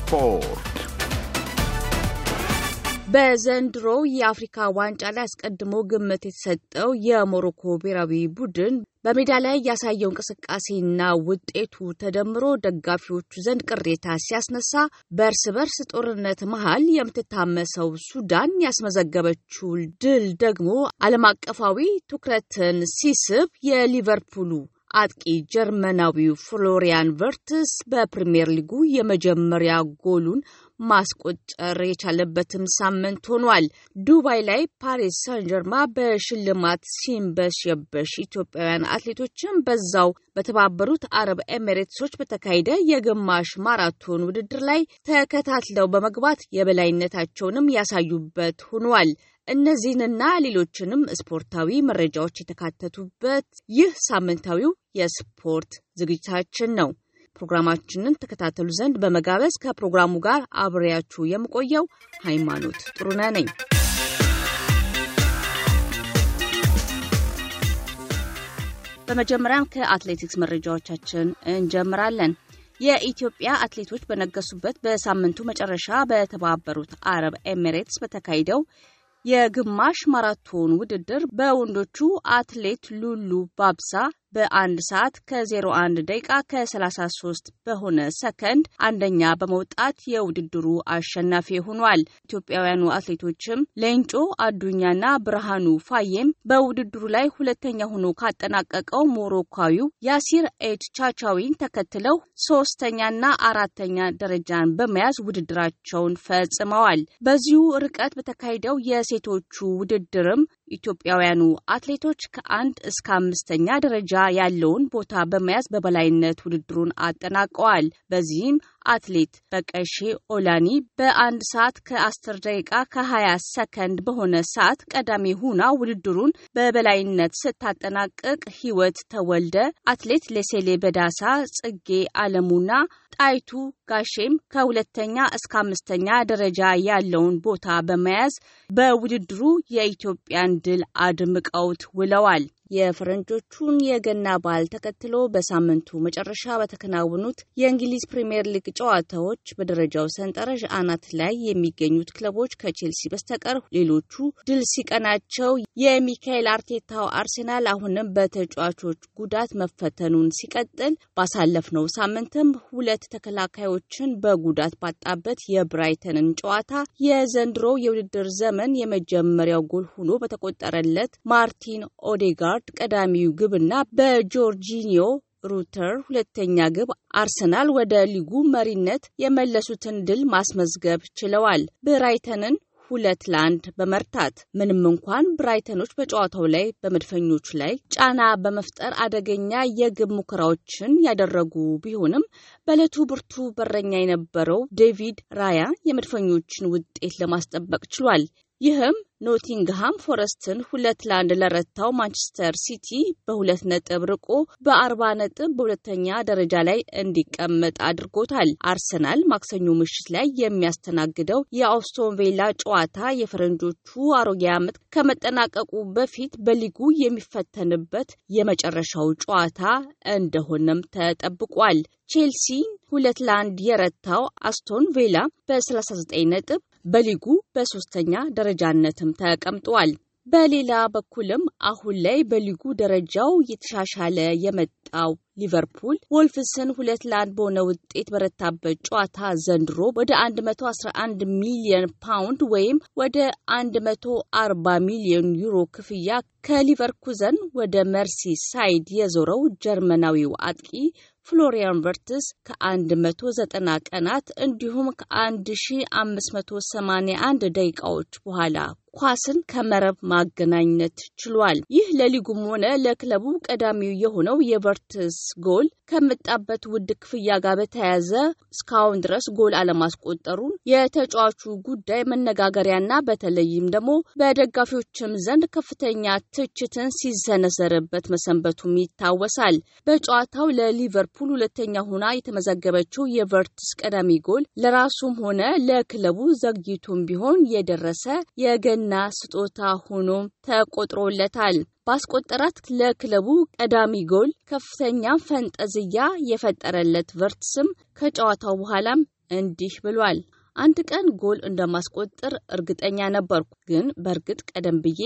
ስፖርት በዘንድሮው የአፍሪካ ዋንጫ ላይ አስቀድሞ ግምት የተሰጠው የሞሮኮ ብሔራዊ ቡድን በሜዳ ላይ ያሳየው እንቅስቃሴና ውጤቱ ተደምሮ ደጋፊዎቹ ዘንድ ቅሬታ ሲያስነሳ በእርስ በርስ ጦርነት መሀል የምትታመሰው ሱዳን ያስመዘገበችው ድል ደግሞ ዓለም አቀፋዊ ትኩረትን ሲስብ የሊቨርፑሉ አጥቂ ጀርመናዊው ፍሎሪያን ቨርትስ በፕሪምየር ሊጉ የመጀመሪያ ጎሉን ማስቆጠር የቻለበትም ሳምንት ሆኗል። ዱባይ ላይ ፓሪስ ሳንጀርማ በሽልማት ሲንበሸበሽ ኢትዮጵያውያን አትሌቶችን በዛው በተባበሩት አረብ ኤሚሬትሶች በተካሄደ የግማሽ ማራቶን ውድድር ላይ ተከታትለው በመግባት የበላይነታቸውንም ያሳዩበት ሆኗል። እነዚህንና ሌሎችንም ስፖርታዊ መረጃዎች የተካተቱበት ይህ ሳምንታዊው የስፖርት ዝግጅታችን ነው። ፕሮግራማችንን ተከታተሉ ዘንድ በመጋበዝ ከፕሮግራሙ ጋር አብሬያችሁ የምቆየው ሃይማኖት ጥሩነህ ነኝ። በመጀመሪያም ከአትሌቲክስ መረጃዎቻችን እንጀምራለን። የኢትዮጵያ አትሌቶች በነገሱበት በሳምንቱ መጨረሻ በተባበሩት አረብ ኤሚሬትስ በተካሄደው የግማሽ ማራቶን ውድድር በወንዶቹ አትሌት ሉሉ ባብሳ በአንድ ሰዓት ከ01 ደቂቃ ከ33 በሆነ ሰከንድ አንደኛ በመውጣት የውድድሩ አሸናፊ ሆኗል። ኢትዮጵያውያኑ አትሌቶችም ሌንጮ አዱኛና ብርሃኑ ፋዬም በውድድሩ ላይ ሁለተኛ ሆኖ ካጠናቀቀው ሞሮኳዊው ያሲር ኤድ ቻቻዊን ተከትለው ሶስተኛና አራተኛ ደረጃን በመያዝ ውድድራቸውን ፈጽመዋል። በዚሁ ርቀት በተካሄደው የሴቶቹ ውድድርም ኢትዮጵያውያኑ አትሌቶች ከአንድ እስከ አምስተኛ ደረጃ ያለውን ቦታ በመያዝ በበላይነት ውድድሩን አጠናቀዋል። በዚህም አትሌት በቀሼ ኦላኒ በአንድ ሰዓት ከአስር ደቂቃ ከ20 ሰከንድ በሆነ ሰዓት ቀዳሚ ሁና ውድድሩን በበላይነት ስታጠናቅቅ ህይወት ተወልደ፣ አትሌት ለሴሌ በዳሳ፣ ጽጌ አለሙና ጣይቱ ጋሼም ከሁለተኛ እስከ አምስተኛ ደረጃ ያለውን ቦታ በመያዝ በውድድሩ የኢትዮጵያን ድል አድምቀውት ውለዋል። የፈረንጆቹን የገና በዓል ተከትሎ በሳምንቱ መጨረሻ በተከናወኑት የእንግሊዝ ፕሪምየር ሊግ ጨዋታዎች በደረጃው ሰንጠረዥ አናት ላይ የሚገኙት ክለቦች ከቼልሲ በስተቀር ሌሎቹ ድል ሲቀናቸው የሚካኤል አርቴታው አርሴናል አሁንም በተጫዋቾች ጉዳት መፈተኑን ሲቀጥል ባሳለፍነው ሳምንትም ሁለት ተከላካዮችን በጉዳት ባጣበት የብራይተንን ጨዋታ የዘንድሮ የውድድር ዘመን የመጀመሪያው ጎል ሆኖ በተቆጠረለት ማርቲን ኦዴጋር ራይካርድ ቀዳሚው ግብና በጆርጂኒዮ ሩተር ሁለተኛ ግብ አርሰናል ወደ ሊጉ መሪነት የመለሱትን ድል ማስመዝገብ ችለዋል። ብራይተንን ሁለት ለአንድ በመርታት ምንም እንኳን ብራይተኖች በጨዋታው ላይ በመድፈኞች ላይ ጫና በመፍጠር አደገኛ የግብ ሙከራዎችን ያደረጉ ቢሆንም በዕለቱ ብርቱ በረኛ የነበረው ዴቪድ ራያ የመድፈኞችን ውጤት ለማስጠበቅ ችሏል። ይህም ኖቲንግሃም ፎረስትን ሁለት ለአንድ ለረታው ማንቸስተር ሲቲ በሁለት ነጥብ ርቆ በአርባ ነጥብ በሁለተኛ ደረጃ ላይ እንዲቀመጥ አድርጎታል። አርሰናል ማክሰኞ ምሽት ላይ የሚያስተናግደው የአስቶን ቬላ ጨዋታ የፈረንጆቹ አሮጌ ዓመት ከመጠናቀቁ በፊት በሊጉ የሚፈተንበት የመጨረሻው ጨዋታ እንደሆነም ተጠብቋል። ቼልሲ ሁለት ለአንድ የረታው አስቶን ቬላ በ39 ነጥብ በሊጉ በሶስተኛ ደረጃነትም ተቀምጧል። በሌላ በኩልም አሁን ላይ በሊጉ ደረጃው የተሻሻለ የመጣው ሊቨርፑል ወልፍስን ሁለት ለአንድ በሆነ ውጤት በረታበት ጨዋታ ዘንድሮ ወደ 111 ሚሊዮን ፓውንድ ወይም ወደ 140 ሚሊዮን ዩሮ ክፍያ ከሊቨርኩዘን ወደ መርሲ ሳይድ የዞረው ጀርመናዊው አጥቂ ፍሎሪያን ቨርትስ ከ190 ቀናት እንዲሁም ከ1581 ደቂቃዎች በኋላ ኳስን ከመረብ ማገናኘት ችሏል። ይህ ለሊጉም ሆነ ለክለቡ ቀዳሚው የሆነው የቨርትስ ጎል ከመጣበት ውድ ክፍያ ጋር በተያያዘ እስካሁን ድረስ ጎል አለማስቆጠሩን የተጫዋቹ ጉዳይ መነጋገሪያና በተለይም ደግሞ በደጋፊዎችም ዘንድ ከፍተኛ ትችትን ሲሰነዘርበት መሰንበቱም ይታወሳል። በጨዋታው ለሊቨርፑል ሁለተኛ ሆና የተመዘገበችው የቨርትስ ቀዳሚ ጎል ለራሱም ሆነ ለክለቡ ዘግይቶም ቢሆን የደረሰ የገና ስጦታ ሆኖ ተቆጥሮለታል። ባስቆጠራት ለክለቡ ቀዳሚ ጎል ከፍተኛ ፈንጠዝያ የፈጠረለት ቨርትስም ከጨዋታው በኋላም እንዲህ ብሏል። አንድ ቀን ጎል እንደማስቆጠር እርግጠኛ ነበርኩ፣ ግን በእርግጥ ቀደም ብዬ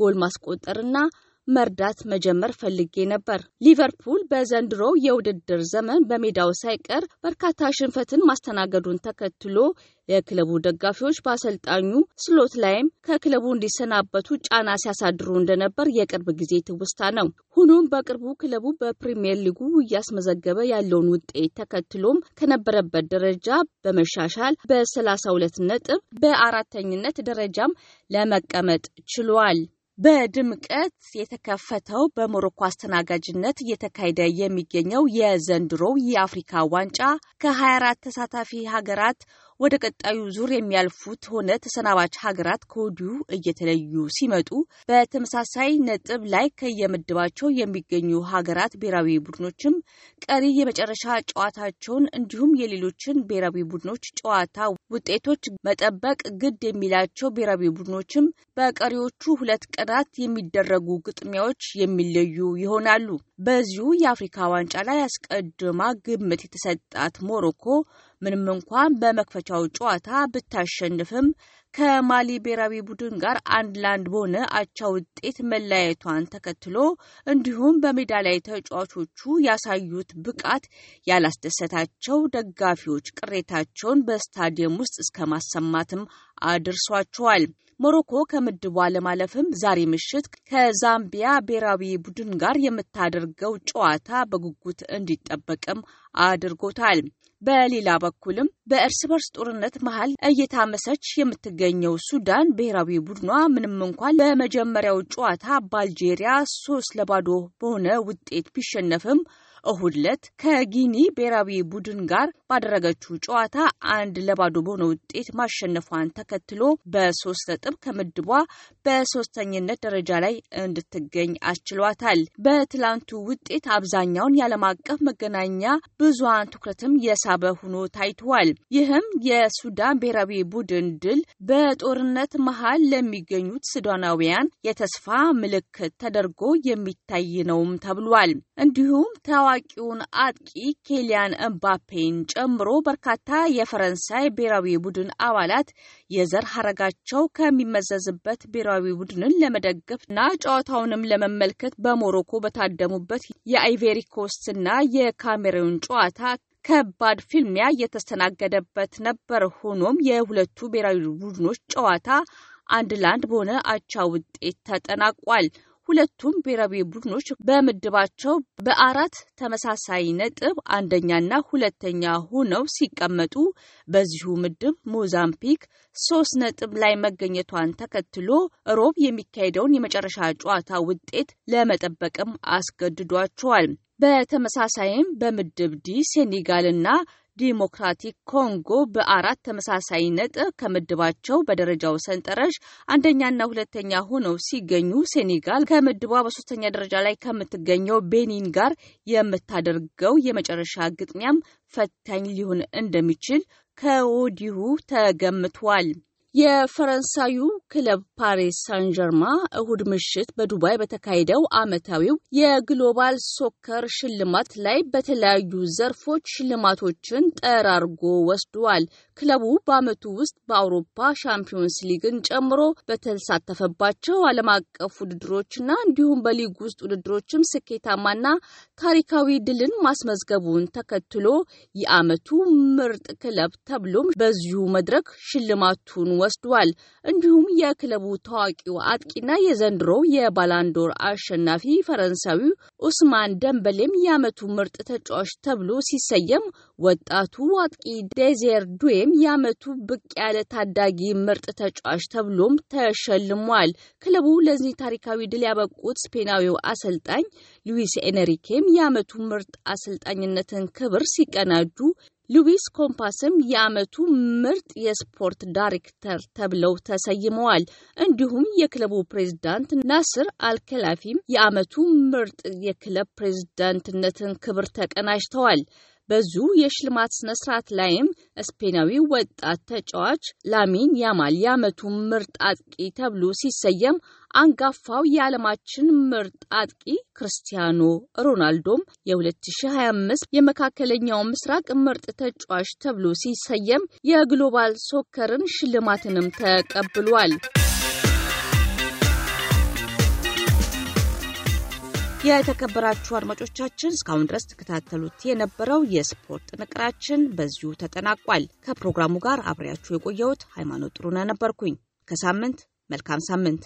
ጎል ማስቆጠርና መርዳት መጀመር ፈልጌ ነበር። ሊቨርፑል በዘንድሮ የውድድር ዘመን በሜዳው ሳይቀር በርካታ ሽንፈትን ማስተናገዱን ተከትሎ የክለቡ ደጋፊዎች በአሰልጣኙ ስሎት ላይም ከክለቡ እንዲሰናበቱ ጫና ሲያሳድሩ እንደነበር የቅርብ ጊዜ ትውስታ ነው። ሆኖም በቅርቡ ክለቡ በፕሪምየር ሊጉ እያስመዘገበ ያለውን ውጤት ተከትሎም ከነበረበት ደረጃ በመሻሻል በ32 ነጥብ በአራተኝነት ደረጃም ለመቀመጥ ችሏል። በድምቀት የተከፈተው በሞሮኮ አስተናጋጅነት እየተካሄደ የሚገኘው የዘንድሮው የአፍሪካ ዋንጫ ከ24 ተሳታፊ ሀገራት ወደ ቀጣዩ ዙር የሚያልፉት ሆነ ተሰናባች ሀገራት ከወዲሁ እየተለዩ ሲመጡ በተመሳሳይ ነጥብ ላይ ከየምድባቸው የሚገኙ ሀገራት ብሔራዊ ቡድኖችም ቀሪ የመጨረሻ ጨዋታቸውን እንዲሁም የሌሎችን ብሔራዊ ቡድኖች ጨዋታ ውጤቶች መጠበቅ ግድ የሚላቸው ብሔራዊ ቡድኖችም በቀሪዎቹ ሁለት ቀናት የሚደረጉ ግጥሚያዎች የሚለዩ ይሆናሉ። በዚሁ የአፍሪካ ዋንጫ ላይ አስቀድማ ግምት የተሰጣት ሞሮኮ ምንም እንኳን በመክፈቻው ጨዋታ ብታሸንፍም ከማሊ ብሔራዊ ቡድን ጋር አንድ ለአንድ በሆነ አቻ ውጤት መለያየቷን ተከትሎ እንዲሁም በሜዳ ላይ ተጫዋቾቹ ያሳዩት ብቃት ያላስደሰታቸው ደጋፊዎች ቅሬታቸውን በስታዲየም ውስጥ እስከ ማሰማትም አድርሷቸዋል። ሞሮኮ ከምድቧ ለማለፍም ዛሬ ምሽት ከዛምቢያ ብሔራዊ ቡድን ጋር የምታደርገው ጨዋታ በጉጉት እንዲጠበቅም አድርጎታል። በሌላ በኩልም በእርስ በርስ ጦርነት መሀል እየታመሰች የምትገኘው ሱዳን ብሔራዊ ቡድኗ ምንም እንኳን በመጀመሪያው ጨዋታ በአልጄሪያ ሶስት ለባዶ በሆነ ውጤት ቢሸነፍም እሁድ ዕለት ከጊኒ ብሔራዊ ቡድን ጋር ባደረገችው ጨዋታ አንድ ለባዶ በሆነ ውጤት ማሸነፏን ተከትሎ በሶስት ነጥብ ከምድቧ በሶስተኝነት ደረጃ ላይ እንድትገኝ አስችሏታል። በትላንቱ ውጤት አብዛኛውን የዓለም አቀፍ መገናኛ ብዙሃን ትኩረትም የሳበ ሆኖ ታይቷል። ይህም የሱዳን ብሔራዊ ቡድን ድል በጦርነት መሃል ለሚገኙት ሱዳናውያን የተስፋ ምልክት ተደርጎ የሚታይ ነውም ተብሏል። እንዲሁም ተዋ ታዋቂውን አጥቂ ኬሊያን እምባፔን ጨምሮ በርካታ የፈረንሳይ ብሔራዊ ቡድን አባላት የዘር ሀረጋቸው ከሚመዘዝበት ብሔራዊ ቡድንን ለመደገፍና ጨዋታውንም ለመመልከት በሞሮኮ በታደሙበት የአይቬሪ ኮስትና የካሜሩን ጨዋታ ከባድ ፊልሚያ የተስተናገደበት ነበር። ሆኖም የሁለቱ ብሔራዊ ቡድኖች ጨዋታ አንድ ለአንድ በሆነ አቻ ውጤት ተጠናቋል። ሁለቱም ብሔራዊ ቡድኖች በምድባቸው በአራት ተመሳሳይ ነጥብ አንደኛና ሁለተኛ ሆነው ሲቀመጡ በዚሁ ምድብ ሞዛምፒክ ሶስት ነጥብ ላይ መገኘቷን ተከትሎ ሮብ የሚካሄደውን የመጨረሻ ጨዋታ ውጤት ለመጠበቅም አስገድዷቸዋል። በተመሳሳይም በምድብ ዲ ሴኔጋልና ዲሞክራቲክ ኮንጎ በአራት ተመሳሳይ ነጥብ ከምድባቸው በደረጃው ሰንጠረዥ አንደኛና ሁለተኛ ሆነው ሲገኙ ሴኔጋል ከምድቧ በሶስተኛ ደረጃ ላይ ከምትገኘው ቤኒን ጋር የምታደርገው የመጨረሻ ግጥሚያም ፈታኝ ሊሆን እንደሚችል ከወዲሁ ተገምቷል። የፈረንሳዩ ክለብ ፓሪስ ሳን ጀርማ እሁድ ምሽት በዱባይ በተካሄደው ዓመታዊው የግሎባል ሶከር ሽልማት ላይ በተለያዩ ዘርፎች ሽልማቶችን ጠራርጎ ወስዷል። ክለቡ በዓመቱ ውስጥ በአውሮፓ ሻምፒዮንስ ሊግን ጨምሮ በተሳተፈባቸው ዓለም አቀፍ ውድድሮችና እንዲሁም በሊግ ውስጥ ውድድሮችም ስኬታማና ታሪካዊ ድልን ማስመዝገቡን ተከትሎ የዓመቱ ምርጥ ክለብ ተብሎም በዚሁ መድረክ ሽልማቱን ወስዷል። እንዲሁም የክለቡ ታዋቂው አጥቂና የዘንድሮ የባላንዶር አሸናፊ ፈረንሳዊው ኡስማን ደንበሌም የዓመቱ ምርጥ ተጫዋች ተብሎ ሲሰየም ወጣቱ አጥቂ ዴዜር ዱዌ በተለይም የዓመቱ ብቅ ያለ ታዳጊ ምርጥ ተጫዋች ተብሎም ተሸልሟል። ክለቡ ለዚህ ታሪካዊ ድል ያበቁት ስፔናዊው አሰልጣኝ ሉዊስ ኤነሪኬም የዓመቱ ምርጥ አሰልጣኝነትን ክብር ሲቀናጁ ሉዊስ ኮምፓስም የዓመቱ ምርጥ የስፖርት ዳይሬክተር ተብለው ተሰይመዋል። እንዲሁም የክለቡ ፕሬዝዳንት ናስር አልከላፊም የዓመቱ ምርጥ የክለብ ፕሬዝዳንትነትን ክብር ተቀናጅተዋል። በዙ የሽልማት ስነ ስርዓት ላይም ስፔናዊ ወጣት ተጫዋች ላሚን ያማል የአመቱ ምርጥ አጥቂ ተብሎ ሲሰየም አንጋፋው የዓለማችን ምርጥ አጥቂ ክርስቲያኖ ሮናልዶም የ2025 የመካከለኛው ምስራቅ ምርጥ ተጫዋች ተብሎ ሲሰየም የግሎባል ሶከርን ሽልማትንም ተቀብሏል። የተከበራችሁ አድማጮቻችን እስካሁን ድረስ ተከታተሉት የነበረው የስፖርት ጥንቅራችን በዚሁ ተጠናቋል። ከፕሮግራሙ ጋር አብሬያችሁ የቆየሁት ሃይማኖት ጥሩነህ ነበርኩኝ። ከሳምንት መልካም ሳምንት